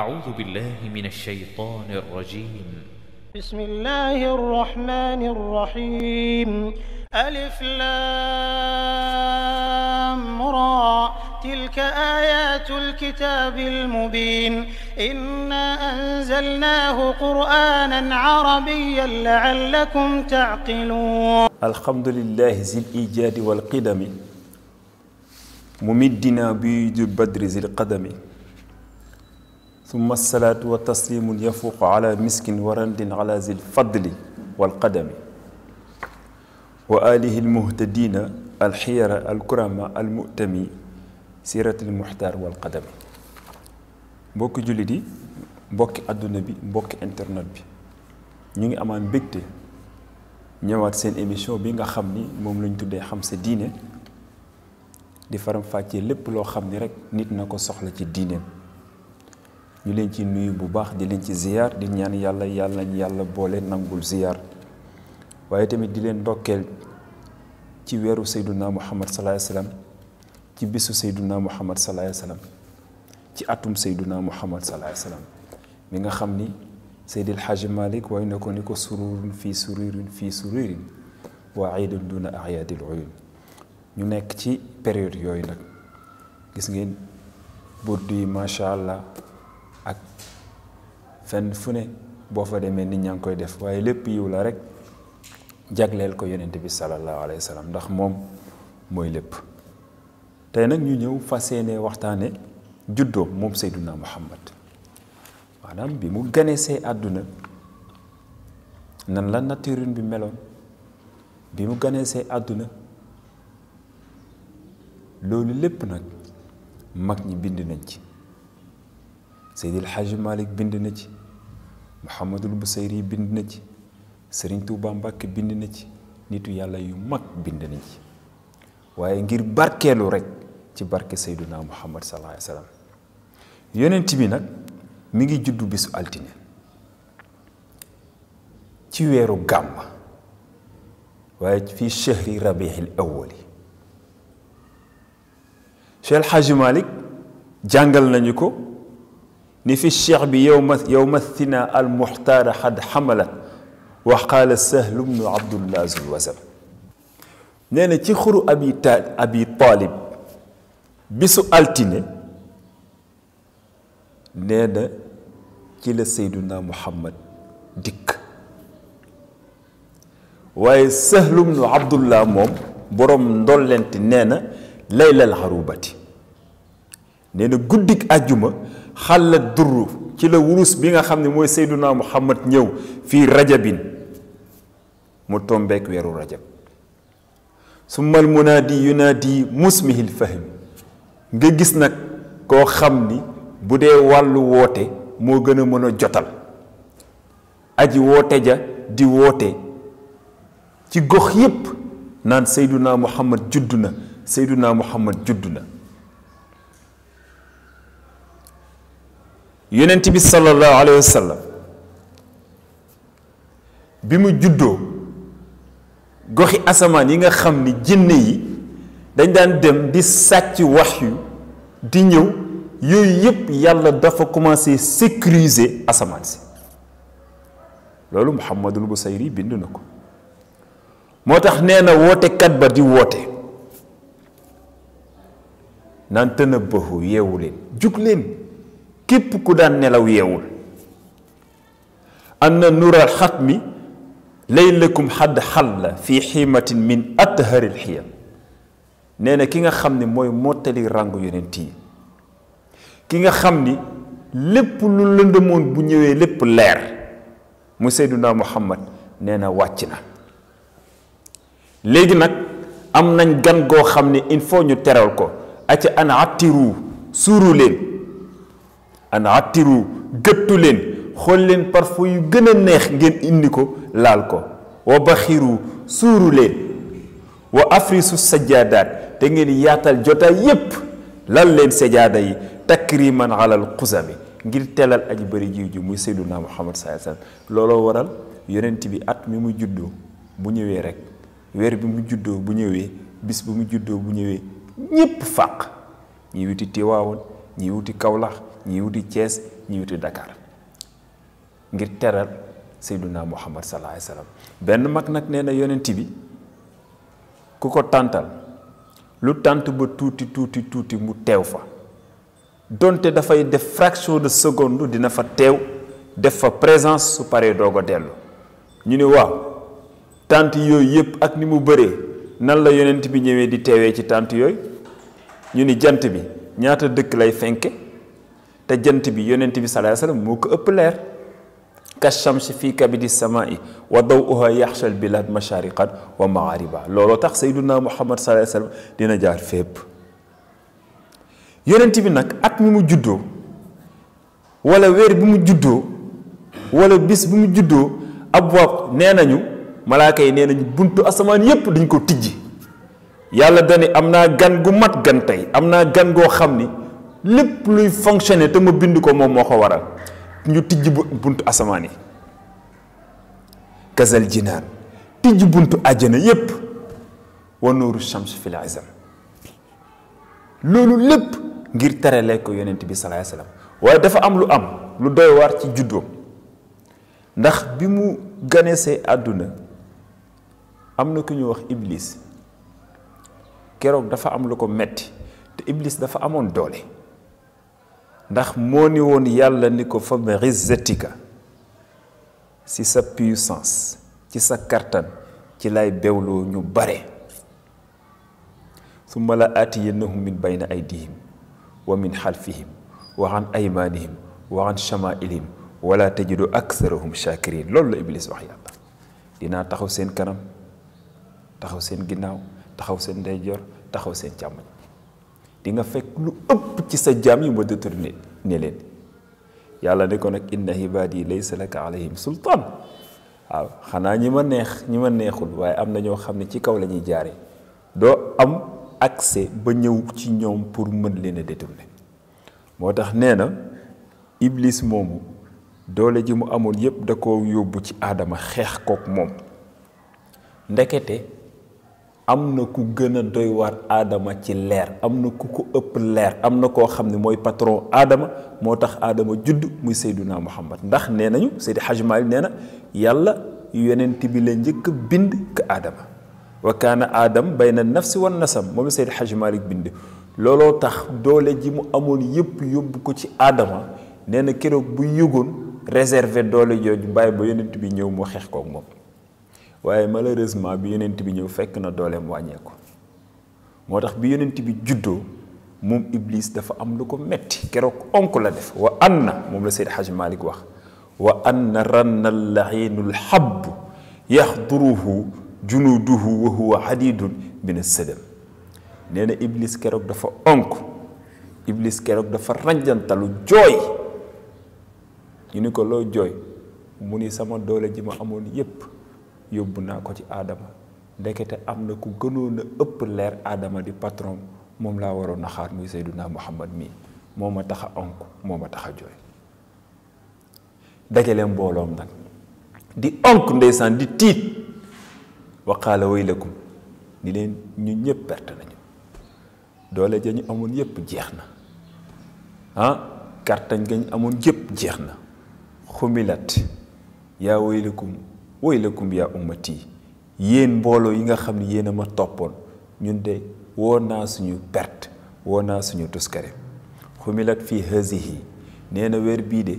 أعوذ بالله من الشيطان الرجيم بسم الله الرحمن الرحيم ألف لام را تلك آيات الكتاب المبين إنا أنزلناه قرآنا عربيا لعلكم تعقلون الحمد لله ذي الإيجاد والقدم ممدنا بيد البدر ذي القدم ثم الصلاة والتسليم يفوق على مسك ورند على ذي الفضل والقدم وآله المهتدين الحيرة الكرامة المؤتمي سيرة المحتار والقدم بوك جلدي بوك عدو نبي بوك انترنت بي نيجي أمان بكتي نيوات سين إميشو بينا خمني مملون تودي خمسة دينة دي فارم فاتي لب لو خمني رك نيت نكو سخلة دينة دينة ñu leen ci nuyu bu baax di leen ci ziar di ñaan yàlla yàlla nañ yàlla boole nangul ziar waaye tamit di leen ndokkeel ci weeru sayduna muhammad salaay salaam ci bisu sayduna muhammad salaay salaam ci atum sayduna muhammad salaay salaam mi nga xam ni seydil xaaji malik waaye ne ko ni ko sururun fi sururin fi sururin wa aidun duna ayaadil uyun ñu nekk ci période yooyu nag gis ngeen burdu yi macha allah ak fenn fu ne boo fa demee nit ñaa ngi koy def waaye lépp yiw la rek jagleel ko yonent bi sallallahu alayhi wa sallam ndax moom mooy lépp tey nag ñu ñëw fa yéene waxtaane juddoom moom Seyduna Muhammad maanaam bi mu ganesee àdduna nan la nature bi meloon bi mu ganesee àdduna loolu lépp nag mag ñi bind nañ ci Seydil Hadj Malick bind na ci Mouhamadul Busayri bind na ci Serigne Touba Mbacke bind na ci nitu yàlla yu mag bind na ci waaye ngir barkeelu rek ci barke Seyduna Muhammad sallallahu alayhi wa sallam nag mi ngi juddu bisu altine ci weeru gàmm waaye fii chahri rabiixil awwali Cheikh Hadj Malick jàngal nañu ko. نفي الشعب يوم يوم الثنا المحتار حد حمل وقال السهل بن عبد الله ذو الوزن نانا تيخرو ابي ابي طالب بسو التيني نانا كلا سيدنا محمد ديك واي سهل بن عبد الله موم بروم دولنت نانا ليلى العروبتي nee na guddik àjjuma xàlla durru ci la wurus bi nga xam ne mooy seyduna muhammad ñëw fii rajabin mu tombeek weeru rajab su al munaadi yunaadi musmihil fahim nga gis nag koo xam ni bu dee wàllu woote moo gën a mën a jotal aji woote ja di woote ci gox yépp naan seyduna muhammad judd na seyduna muhammad judd na yonent bi sallallahu alayhi wa sallam bi mu juddoo goxi asamaan yi nga xam ni jinne yi dañ daan dem di sàcc wax yu di ñëw yooyu yëpp yàlla dafa commencé sécuriser asamaan si loolu Muhammadul Busayri bind na ko moo tax nee na wootekat ba di woote naan tënëbbahu yeewu leen jug leen képp ku daan nelaw yeewul am na nural xat mi laylakum xadd la fii xiimatin min atharil xiyam nee na ki nga xam ni mooy mottali ràngu yonent yi ki nga xam ni lépp lu lëndëmoon bu ñëwee lépp leer mu seyduna muhammad nee na wàcc na léegi nag am nañ gan goo xam ne il faut ñu teral ko aca an attiru suuru leen an attiru gëttu leen xool leen parfo yu gën a neex ngeen indi ko laal ko wa baxiru suuru leen wa afrisu sajjaadaat te ngeen yaatal jotaay yépp lal leen sajjaada yi takriman alal xusami ngir telal aji bëri jiw ji muy seyduna muhammad saa sallam looloo waral yonent bi at mi mu juddoo bu ñëwee rekk weer bi mu juddoo bu ñëwee bis bi mu juddoo bu ñëwee ñépp fàq ñi wuti tiwaawoon ñi wuti kawlax ñi wuti cees ñi wuti Dakar ngir teral Seyduna Muhammad sallallahu alayhi wa benn mag nag nee na yonent bi ku ko tàntal lu tànt ba tuuti tuuti tuuti mu teew fa donte dafay def fraction de seconde dina fa teew def fa présence su paree doog a dellu ñu ni waaw tànt yooyu yépp ak ni mu bëree nan la yonent bi ñëwee di teewee ci tànt yooyu ñu ni jant bi ñaata dëkk lay fenke te jant bi yonent bi sallallahu alayhi wa sallam moo ko ëpp leer ka shamsi fii kabidi samaa'i wa daw'uha yaxsha al bilad mashariqan wa maghariba looloo tax sayduna muhammad sallallahu alayhi sa sallam dina jaar fépp yonent bi nag at mu juddoo wala mu juddoo bis bi mu juddoo ab waab nee nañu malaaka yi nee nañu buntu asamaan yépp dañ ko tijji yàlla dani am naa gan gu mat gan tey am naa gan goo xam ni lépp luy fonctionner te ma bind ko moom moo ko waral ñu tijj bunt asamaan yi kazal jinaan tijj buntu àjjana yépp wa nuuru shams fil azam loolu lépp ngir terale ko yonent bi salaay salaam waaye dafa am lu am lu doy waar ci juddoom ndax bi mu ganesee àdduna am na ku ñu wax iblis keroog dafa am lu ko metti te iblis dafa amoon doole ndax moo ni woon yàlla ni ko fa bi izzatika si sa puissance ci sa kartan ci lay bewlo ñu bare thumma la atiyannahum min bayna aydihim wa min khalfihim wa an aymanihim wa an chamailihim wala tajidu aktharahum shakirin loolu la iblis wax yàlla dinaa taxaw seen kanam taxaw seen ginnaaw taxaw seen ndeyjoor taxaw seen càmmoñ di nga fekk lu ëpp ci sa jaam yi ma détourné ne leen yàlla ne ko nag inna ibaadi laysa laka alayhim sultaan waaw xanaa ñi ma neex ñi ma neexul waaye am na ñoo xam ne ci kaw lañuy jaare doo am accès ba ñëw ci ñoom pour mën leen a détourné moo tax nee na iblis moomu doole ji mu amoon yépp da ko yóbbu ci aadama xeex kook moom ndekete am na ku gën a doy waar aadama ci leer am na ku ko ëpp leer am na koo xam ne mooy patron aadama moo tax aadama judd muy Seyduna Muhammad ndax nee nañu Seydi Hajj Maalik nee na yàlla yonent bi la njëkk bind ka aadama wa kaana aadam na nafsi wan nasam moom Seydi Hajj Maalik bind looloo tax doole ji mu amoon yëpp yóbbu ko ci aadama nee na keroog bu yëgoon réservé doole jooju bàyyi ba yonent bi ñëw mu xeex koog moom waye malheureusement bi yenen tibi ñëw fekk na dolem wàññeeku moo tax bi yenen tibi juddo mom iblis dafa am lu ko metti kéro onku la def wa anna mom la sayyid Hajj malik wax wa anna ranna al-lahinul lxabb yahduruhu junuduhu wa huwa hadidun min as-sadam neena iblis kéro dafa onku iblis kéro dafa ranjantalu joy ñu ni ko lo joy muni sama doole ji ma amone yépp yóbbu naa ko ci aadama ndekete am na ku gënoon a ëpp leer aadama di patron moom laa waroon naxaar muy Seydunaa Muhammad mii moo ma tax a onk moo ma tax a jooy dajale mbooloom nag di onk ndeysaan di tiit waqaala waylakum ni leen ñu ñëpp perte nañu doole ja ñu amoon yépp jeex na ah kartañ ga ñu amoon jeex na xumilat yaa waylakum woy la waylakum yaa ummati yéen mbooloo yi nga xam ne yéen a ma toppoon ñun de woo naa suñu perte woo naa suñu tuskare xumilat fii hazihi nee na weer bii de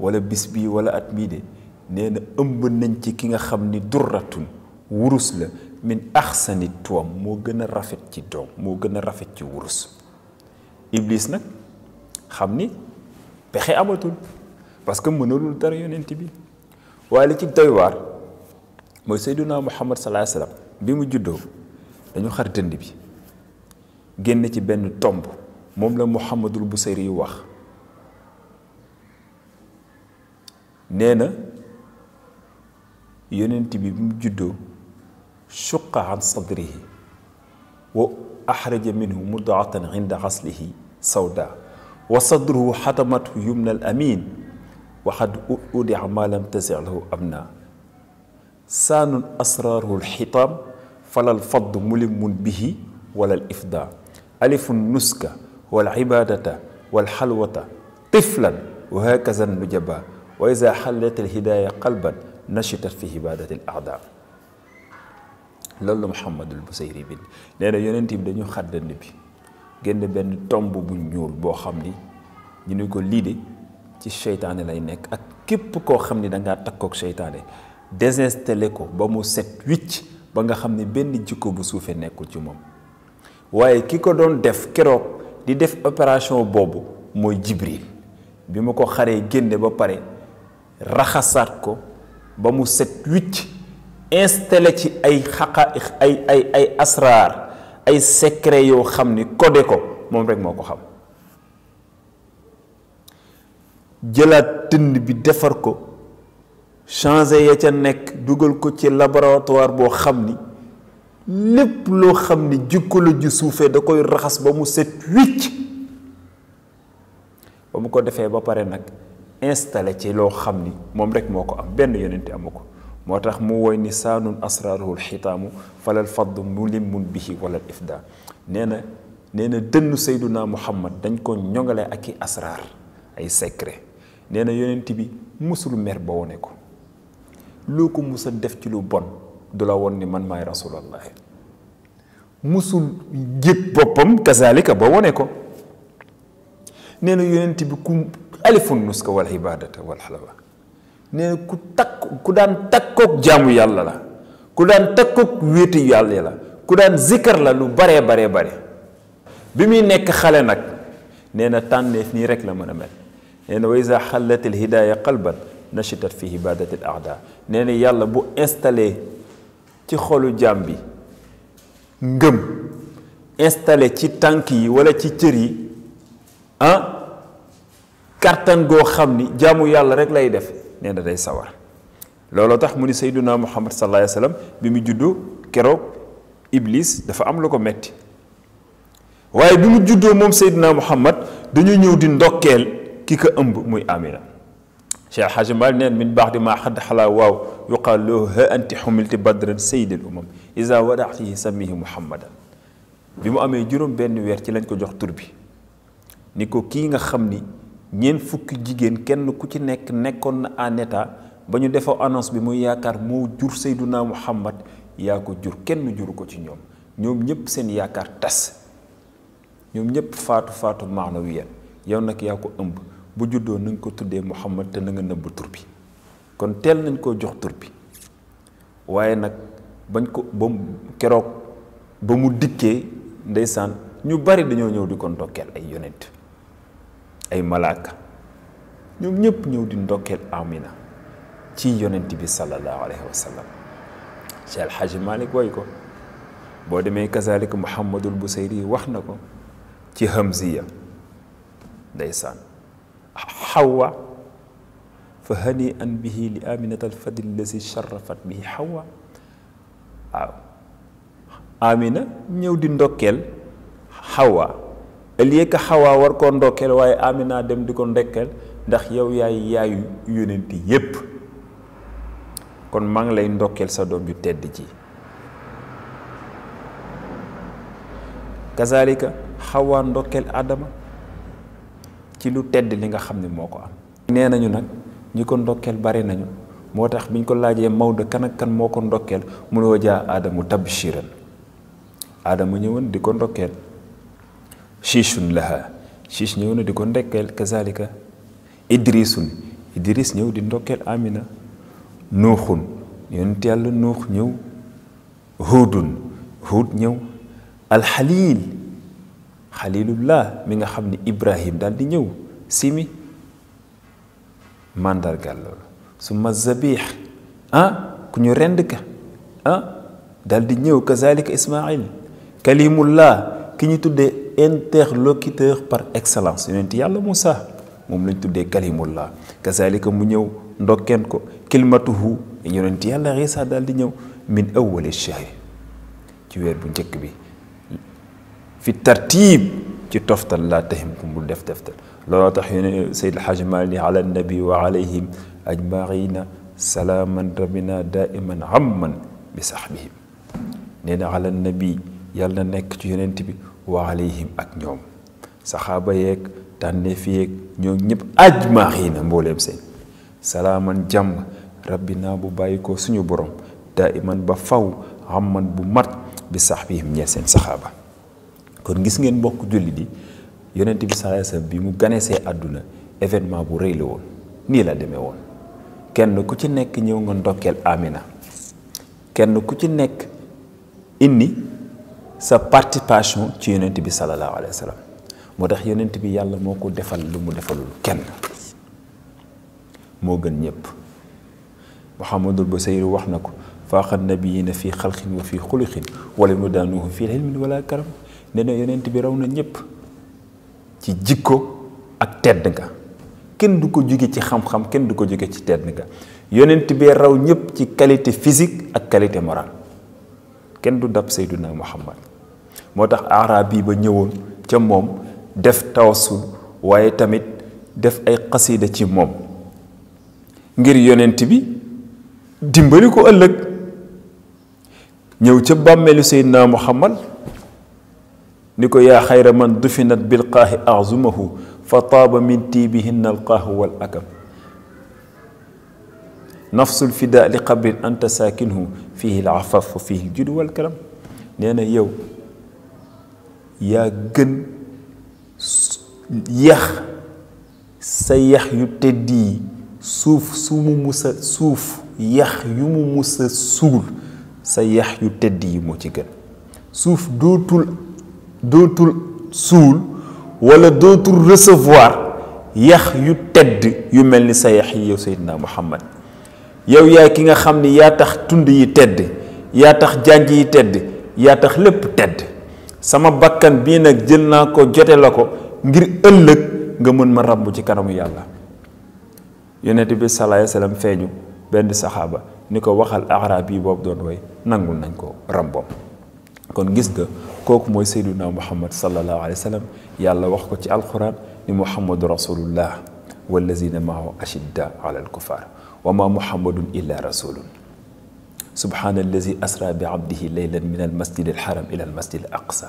wala bis bii wala at mii de nee ëmb nañ ci ki nga xam ni durratun wurus la min axsani tuwam moo gën a rafet ci doom moo gën a rafet ci wurus iblis nag xam ni pexe amatul parce que mënalul dara yonent bi waaye li ci doy moy Seydina Muhammad sallallahu alayhi wasallam bi mu juddoo dañu xar dënd bi génn ci benn tomb moom la Muhammadul Busayri wax neena yonent bi bi mu juddoo suqa an sadrihi wa ahraja minhu mud'atan inda ghaslihi sawda wa sadruhu hatamat yumna al amin وحد أودع ما لم tasi lahu amna سان أسرار الحطام فلا الفض ملم به ولا الإفضاء ألف النسكة والعبادة والحلوة طفلا وهكذا النجبا وإذا حلت الهداية قلبا نشطت في عبادة الأعداء لولو محمد البسيري بن لأن يوننتي بدن يخد النبي جند بن تومبو بنيول بو خمني ينوكو ليدي تي الشيطان لينك أكيب كو خمني دنگا تكوك شيطاني désinstallé ko ba mu set wicc ba nga xam ne benn jikko bu suufee nekkul ci moom waaye ki ko doon def keroog di def opération boobu mooy Jibril bi ma ko xaree génne ba pare raxasaat ko ba mu set wicc installé ci ay xaqa ay ay ay asraar ay secret yoo xam ni codé ko moom rek moo ko xam jëlaat tënd bi defar ko changé ya ca nekk dugal ko ci laboratoire boo xam ni lépp loo xam ni jikko la ju suufee da koy raxas ba mu set wicc ba mu ko defee ba pare nag installé ci loo xam ni moom rek moo ko am benn yonente amu ko moo tax mu woy ni saanun asraaruhu lxitaamu falal faddu mulimun bihi wala al ifda nee na nee na dënn sayduna muhammad dañ ko ñongale ak i asraar ay secret nee na yonent bi musul mer ba wone ko loo ko mus a def ci lu bon du la woon ni man maay rasulallahi musul yëg boppam kazalika ba wone ko nee na yonent bi ku alifun nuska wal ibadata wal xalawa nee ku takk ku daan takkoog jaamu yàlla la ku daan takkoog wéeti yàlla la ku daan zikkar la lu baree baree bare bi muy nekk xale nag nee na tànneef rek la mën a mel nee na wa isa xallat alhidaaya qalban nashitat fi ibadati al nee na yàlla bu installé ci xolu jaam bi ngëm installé ci tànk yi wala ci cër yi ah kàttan goo xam ni jaamu yàlla rek lay def nee na day sawar looloo tax mu ni sayduna muhammad sallallahu alayhi wa sallam bi mu juddu keroog iblis dafa am lu ko metti waaye bi mu juddoo moom sayduna muhammad dañu ñëw di ndokkeel ki ko ëmb muy amina شيخ حاج مالنين من بعد ما حد حلا واو يقال له ها انت حملت بدر سيد الامم اذا ودعته سميه محمدا بما امي جيروم بن وير تي لنجو جوخ توربي نيكو كيغا خامني نين فوك جيجين كين كو تي نيك نيكون ان نيتا با ني ديفو انونس بي مو ياكار مو جور سيدنا محمد ياكو جور كين جورو كو تي نيوم نيوم نييب سين ياكار تاس نيوم نييب فاتو فاتو معنويا يا نك ياكو امب bu juddoo na ko tuddee Muhammad te na nga nëbb tur bi kon teel nañ koo jox tur waaye nag bañ ko ba keroog ba mu dikkee ndeysaan ñu bari dañoo ñëw di ko ndokkeel ay yonent ay malaaka ñoom ñëpp ñëw di ndokkeel Amina ci yonent bi sallallahu alayhi wa sallam Cheikh El Hadj ko boo demee kazaalika Muhammadul Busayri wax na ko ci Hamziya ndeysaan حواء فهنيئا به لآمنة الفضل الذي شرفت به حواء waaw amina ñëw di ndokkeel xawa ëllëg xawa war koo ndokkeel waaye amina dem di ko ndokkeel ndax yow yaay yaayu yónent yépp kon maa ngi lay ndokkeel sa doom ju tedd ji kazalika xawa ndokkeel adama ci lu tedd li nga xam ne moo ko am. nee nañu nag ñi ko ndokkeel bari nañu moo tax biñ ko laajee Maodo kan ak kan moo ko ndokkeel mu ne wajaa aadamu tabshiran aadama ñëwoon di ko ndokkeel chiichun laha chiich ñëw di ko ndokkeel kazalika idrisun idris ñëw di ndokkeel amina nuuxun yonent yàlla nuux ñëw huudun huud ñëw alxaliil khalilullah mi nga xamni ibrahim dal di ñew simi mandar loolu summa zabih ah ku ñu rend ka ah dal di ñëw kazalika ismail kalimullah ki ñu tuddé interlocuteur par excellence yonent yalla Musa, mom lañ tuddé kalimullah kazalika mu ñew ndokken ko kilmatuhu yonent yalla isa dal di ñew min ash-shahr ci wër bu ñëk bi في الترتيب كي تفضل لا تهمكم بالدف دفتر لا تحين سيد الحاج مالي على النبي وعليهم أجمعين سلاما ربنا دائما عما بصحبهم نينا على النبي يلا نكتو ينتبي وعليهم أكنيوم صحابة يك تنفيك نيوم نيب أجمعين مولي بسين سلاما جم ربنا ببايكو سنو بروم دائما بفاو عما بمرت بصحبهم نيسين صحابه kon gis ngeen mbokk julli di yonent bi sallallahu alayhi wasallam bi mu ganesee aduna événement bu rëy won woon la demee woon kenn ku ci nekk ñëw nga ndokkeel Amina kenn ku ci nekk indi sa participation ci yonent bi salallaahu alayhi wa sallam tax yonent bi yàlla moko defal lu mu defalul kenn mo gën ñëpp Muhammadul Basiir wax na ko faaxal nabiyiina fii xalqin wa fii xuluqin wala nu daanuhu ilmin wala karam ne na yonent bi raw na ñëpp ci jikko ak tedd nga kenn du ko jóge ci xam-xam kenn du ko jóge ci tedd nga yonent bi raw ñépp ci qualité physique ak qualité morale kenn du dab Seydina Muhammad moo tax arab bi ba ñëwoon ca moom def tawassul waaye tamit def ay xasida ci moom ngir yonent bi dimbali ko ëllëg ñëw ca bàmmeelu Seydina Muhammad نكو يا خير من دفنت بالقاه أعظمه فطاب من تيبهن القاه والأكب نفس الفداء لقبر أنت ساكنه فيه العفاف وفيه الجد والكرم نانا يو يا جن يخ سيخ يتدي سوف سومو موسى سوف يخ يومو موسى سول سيخ يتدي موتي جن سوف دوتول dootul suul wala dootul resevoir yax yu tedd yu mel ni sa yax yi yow Seydina Muhammad yow yaay ki nga xam ni yaa tax tund yi tedd yaa tax jànj yi tedd yaa tax lépp tedd sama bakkan bii nag jël naa ko jote la ko ngir ëllëg nga mën ma ràbb ci kanamu yàlla yonent bi salaay salaam feeñu benn saxaaba ni ko waxal arab yi boobu doon way nangul nañ ko ràmboom kon gis nga kooku mooy sayduna muhammad sallallahu alayhi wa sallam yàlla wax ko ci alquran ni muhammadu rasulullah wallazina maahu ashidda ala alkufar wa ma muhammadun illa rasulun سبحان الذي أسرى بعبده ليلا من المسجد الحرام إلى المسجد الأقصى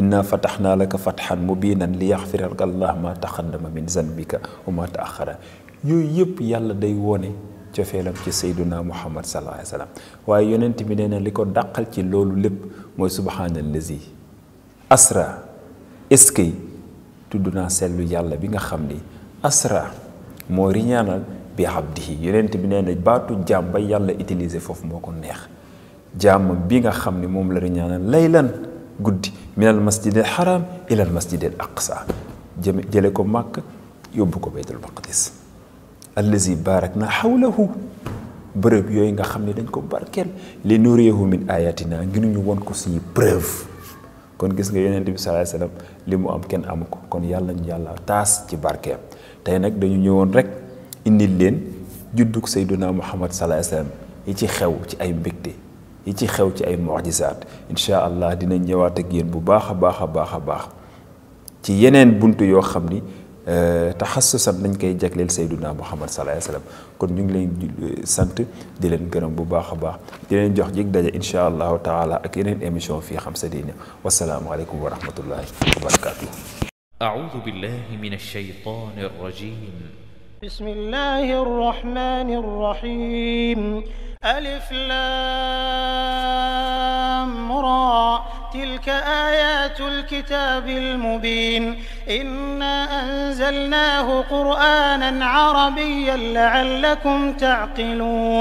إنا فتحنا لك فتحا مبينا ليغفر لك الله ما تقدم من ذنبك وما تأخر يو يب يالا داي ووني تفعلم كسيدنا محمد صلى الله عليه وسلم ويننت منين لكو دقل كي لولو لب موي سبحان الذي أسرى إسكي تدنا سلو يالا بيغا خمني أسرى موي رينيانا بعبده يننت منين باتو جام با يالا إتليزي فوف موكو نيخ جام بيغا خمني موم لرينيانا ليلا قد من المسجد الحرام إلى المسجد الأقصى جلكم مكة يوبكو بيت المقدس allazi barak na xawlahu bërëb yooyu nga xam ne dañ ko barkeel li nuriyahu min ayatina ngir ñu won ko suñu preuve kon gis nga yeneen bi sallallahu alayhi wasallam li mu am kenn amu ko kon yàlla ñu yàlla taas ci barkeem tey nag dañu ñëwoon rek indil leen juddug sayduna muhammad sallallahu alayhi wasallam yi ci xew ci ay mbégte yi ci xew ci ay mu'jizaat incha allah dina ñëwaat ak bu baax a baax a baax a baax ci yeneen bunt yoo xam ni تحسسات نين كاي جاكليل سيدنا محمد صلى الله عليه وسلم كون نيغ لين سانت دي لين گرم بو باخ باخ دي لين جوخ جيك داجا ان شاء الله تعالى اك ينين ايميشن في خمسه دين والسلام عليكم ورحمه الله وبركاته اعوذ بالله من الشيطان الرجيم بسم الله الرحمن الرحيم را تلك آيات الكتاب المبين إنا أنزلناه قرآنا عربيا لعلكم تعقلون